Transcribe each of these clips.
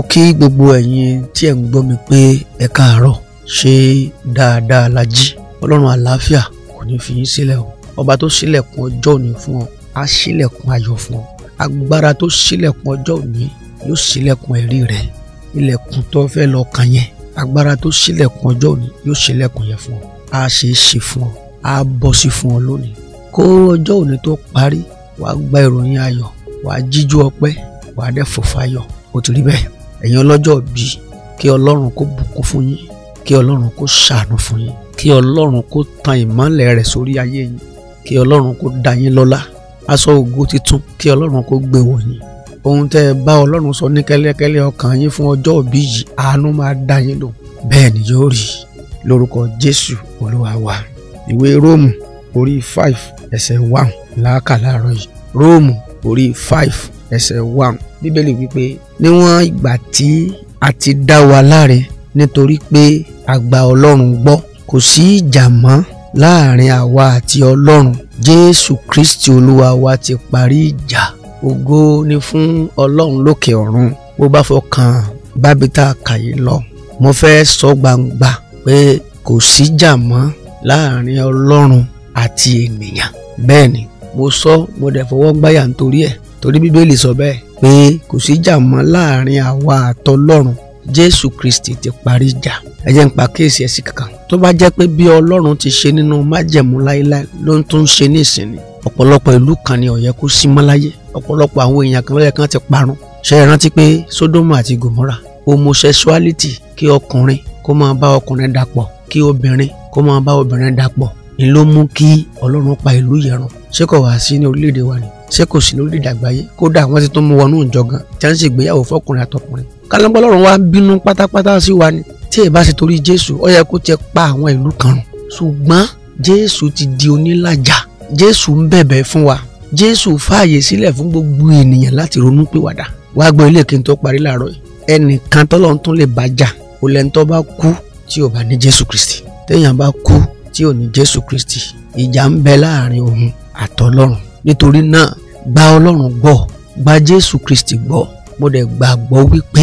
mo kí gbogbo ẹ̀yin tí ẹ̀ ń gbọ́ mi pé ẹ káàárọ̀ ṣe dáadáa la jí ọlọ́run àlàáfíà kò ní fi yín sílẹ̀ o ọba tó ṣílẹ̀kùn ọjọ́ òní fún ọ á ṣílẹ̀kùn ayọ̀ fún ọ agbára tó ṣílẹ̀kùn ọjọ́ òní yóò ṣílẹ̀kùn ẹ̀rí rẹ ilẹ̀kùn tó fẹ́ lọ kàn yẹn agbára tó ṣílẹ̀kùn ọjọ́ òní yóò ṣílẹ̀kùn yẹn fún ọ á ṣe é ṣe fún ọ á bọ́ sí fún ọ lónìí kó ọjọ́ òní tó parí wàá gba ìròyìn ayọ̀ wàá jíjú ọpẹ́ wàá dẹ̀ fòfayọ̀ ó ti rí bẹ́ẹ̀ ẹ̀yin ọlọ́jọ́ bí kí ọlọ́run kó bùkún fún yín kí ọlọ́run kó ṣàánú fún yín kí ọlọ́run kó tan ìmọ́lẹ̀ rẹ̀ sórí ayé yín kí ọlọ́run kó dá yín lọ́lá aṣọ ògo titun kí ọlọ́run kó gbé wọ̀ yín ohun tẹ́ ẹ bá ọlọ́run sọ ní kẹ́lẹ́kẹ́lẹ́ ọkàn yín fún ọjọ́ òbí yìí àánú máa dá yín lò bẹ́ẹ̀ ni yóò rí lórúkọ jésù olúwa wa ìwé róòmù orí five ẹsẹ̀ one làákà láàárọ̀ yìí róòmù orí five ẹsẹ̀ one bíbélì wípé níwọ̀n ìgbà tí a ti dá wa láre nítorí pé a gba ọlọ́run gbọ́ kò sí ìjà mọ́ láàrin àwa àti ọlọ́run jésù kristi olúwa wa ti parí ìjà ògo ni fún ọlọ́run lókè ọ̀run bó bá fọkàn bábítà kàyé lọ mo fẹ́ sọ gbangba pé kò síjà mọ́ láàrin ọlọ́run àti ènìyàn bẹ́ẹ̀ ni mo sọ mo dẹ̀ fọwọ́ gbáyà nítorí ẹ̀ torí bíbélì sọ bẹ́ẹ̀ pé kò sí ìjà mọ́ láàrin àwa àtọlọ́run jésù kristi ti parí ìjà ẹ jẹ́ n pa kéèsì ẹ̀sìn kankan tó bá jẹ́ pé bí ọlọ́run ti ṣe nínú májẹ̀mú láéláé ló ń tún ṣe ní ìsinmi ọ̀pọ̀lọpọ̀ ìlú kan ni ó yẹ kó sí mọ́ láyé ọ̀pọ̀lọpọ̀ àwọn èèyàn kan ló yẹ kan ti parun ṣe é rántí pé sódómù àti gòmórà homosexuality kí ọkùnrin kó máa bá ọkùnrin dàpọ̀ kí obìnrin kó máa bá obìnrin dàpọ̀ ni ló mú kí ọlọ́run pa ìlú yẹn run ṣé kò wá sí ní orílẹ̀-èdè wa ni ṣé kò sí lórí ìdàgbáyé kódà wọ́n ti tún mú wọnú ìjọ gan tí wọ́n sì gbéyàwó fọkùnrin àtọkùnrin kálábọ́ lọ́rùn wa ń bínú pátápátá sí wa ni tí ẹ bá ṣe torí Jésù ó yẹ kó tiẹ̀ pa àwọn ìlú kan rùn ṣùgbọ́n Jésù ti di onílàjà Jésù ń bẹ̀bẹ̀ fún wa Jésù fààyè sílẹ̀ fún gbogbo ènìyàn láti ronú pìwàdà wá gbọ́ ilé kí n tó parí làárọ̀ yìí ẹnìkan tọ́lọ́run tún ìjà ń bẹ láàrin òun àtọlọ́run nítorí náà gba ọlọ́run gbọ́ gba jésù kristi gbọ́ mo dẹ̀ gbàgbọ́ wípé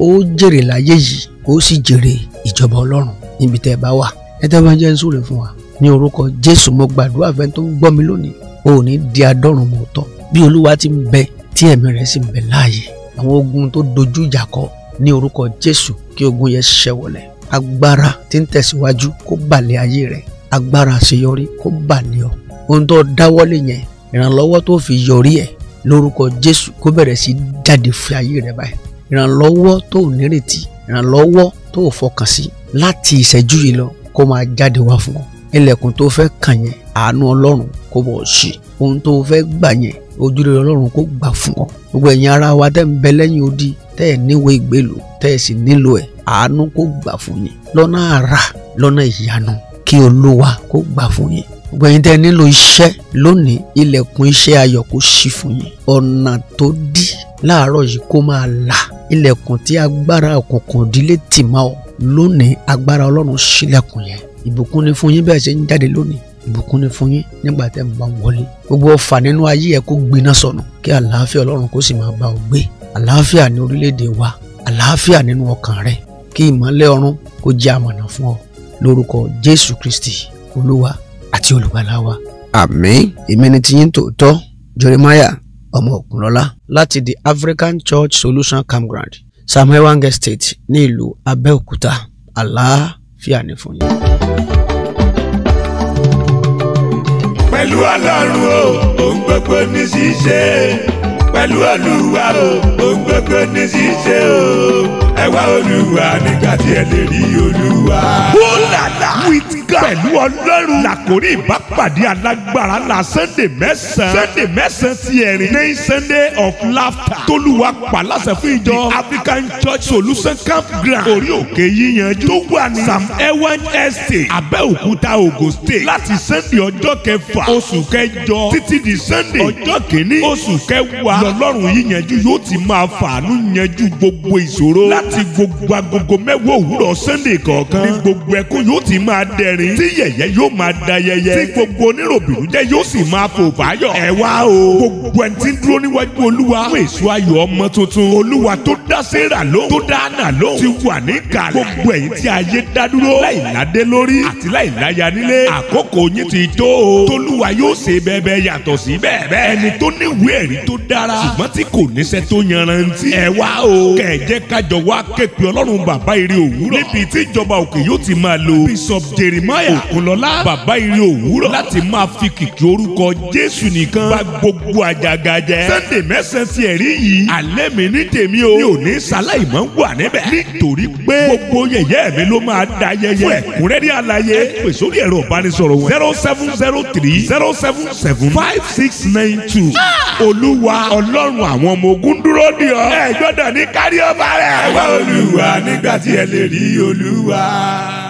ó jèrè láyé yìí ó sì jèrè ìjọba ọlọ́run níbi tẹ́ ẹ bá wà ẹ tẹ́ bá jẹ́ ń súre fún wa ní orúkọ jésù mo gbàdúrà fẹ́ tó ń gbọ́ mi lónìí o ò ní di adọ́run mọ́ tọ́ bí olúwa ti ń bẹ tí ẹ̀mí rẹ̀ sì ń bẹ láàyè àwọn ogun tó dojú ìjà kọ ní orúkọ jésù kí ogun yẹn ṣẹwọlẹ̀ agbára tí ń tẹ̀síwájú kó bà ayé rẹ̀ agbára àṣeyọrí kó bà ọ ohun tó dáwọ́lé yẹn ìrànlọ́wọ́ tó fi yọrí ẹ̀ lórúkọ Jésù kó bẹ̀rẹ̀ sí jáde fún ayé rẹ báyìí ìrànlọ́wọ́ tó nírètí ìrànlọ́wọ́ tó fọkàn sí láti ìṣẹ́jú yìí lọ kó máa jáde wá fún ọ ilẹ̀kùn tó fẹ́ kàn yẹn àánú Ọlọ́run kó bọ̀ ṣe ohun tó fẹ́ gbà yẹn ojúrere Ọlọ́run kó gbà fún ọ gbogbo ẹ̀yin ara wa tẹ́ ń bẹ lẹ́yìn odi tẹ́ ẹ̀ níwèé ìgbélú tẹ́ ẹ̀ sì nílò ẹ̀ àánú kó gbà fún yín lọ́nà àrà lọ́nà ìyanu kí Olúwa kó gbà fún yín gbẹ̀yìn tẹ́ nílò iṣẹ́ lónìí ilẹ̀kùn iṣẹ́ ayọ̀ kò ṣí fún yín ọ̀nà tó dí láàárọ̀ yìí kó máa là ilẹ̀kùn tí agbára òkùnkùn ìdílé tì má ọ lónìí agbára ọlọ́run ṣílẹ̀kùn yẹn ìbùkún ni fún yín bẹ́ẹ̀ ṣe ń jáde lónìí ìbùkún ni fún yín nígbà tẹ́ ń bá wọlé gbogbo ọfà nínú ayé ẹ kó gbiná sọnù kí àlàáfíà ọlọ́run kó sì máa bá ọ gbé àlàáfíà ní orílẹ̀-èdè wa àlàáfíà nínú ọkàn rẹ kí ìmọ́lẹ̀ ọ̀run kó jẹ́ àmọ̀nà fún ọ lórúkọ Jésù Kristi olúwa àti olùgbàlà wa. àmín èmi ni tiyín tòótọ́ Jeremiah ọmọ Òkúnlọ́lá láti the African Church Solution Campground Samuel Wange State ní ìlú Abẹ́òkúta àlàáfíà ni fún yín. pẹ̀lú ọlọ́run o òun gbogbo ní ṣíṣe pẹ̀lú olúwa o òun gbogbo ní ṣíṣe o ẹ wá olúwa nígbà tí ẹ lè rí olúwa. wọ́n with gíga pẹ̀lú ọlọ́run làkórí ìbápàdé alágbára la sunday mẹ́sàn-án sunday mẹ́sàn-án ti ẹ̀rín ní sunday of laughter tólúwa pàlásẹ̀ fún ìjọ african church solution campground orí òkè yíyanjú tó wà ní sam ewan estate abẹ́òkúta ogun state láti sunday ọjọ́ kẹfà oṣù kẹjọ títí di sunday ọjọ́ kìíní oṣù kẹwàá lọ́lọ́run yíyanjú yóò ti máa fàánú yanjú gbogbo ìṣòro láti gbogbo agogo mẹ́wàá òwúrọ̀ sunday kọ̀ọ̀kan ní gbogbo ẹkún yóò ti máa dẹrùn rẹ́rìn tí yẹ̀yẹ́ yóò máa da yẹyẹ tí gbogbo oníròbìnú jẹ́ yóò sì máa fò fáyọ̀. ẹ wá o gbogbo ẹni tí ń dúró níwájú olúwa fún èso ayọ̀ ọmọ tuntun olúwa tó dá séra lóhùn tó dá ànà lóhùn ti wà ní kàlẹ́ gbogbo ẹ̀yin tí ayé dá dúró láìládé lórí àti láìláya nílé àkókò yín ti tó o tolúwa yóò ṣe bẹ́ẹ̀bẹ́ yàtọ̀ sí bẹ́ẹ̀bẹ́ ẹni tó ní lo bishop jeremy Jeremiah Òkunlọ́lá bàbá ire òwúrọ̀ láti máa fi kìkì orúkọ Jésù nìkan bá gbogbo àjàgà jẹ́. Sunday mẹ́sàn-án ti ẹ̀rí yìí alẹ́ mi ní tèmi o mi ò ní sáláì mọ́ wà níbẹ̀ nítorí pé gbogbo yẹ̀yẹ́ mi ló máa da yẹyẹ fún ẹ̀kúnrẹ́rẹ́ àlàyé ẹ pè sórí ẹ̀rọ ìbánisọ̀rọ̀ wọn zero seven zero three zero seven seven five six nine two Olúwa Ọlọ́run àwọn ọmọ ogun dúró di ọ ẹ gbọ́dọ̀ ní kárí rẹ̀. ẹ Olúwa nígbà tí ẹ lè rí Olúwa.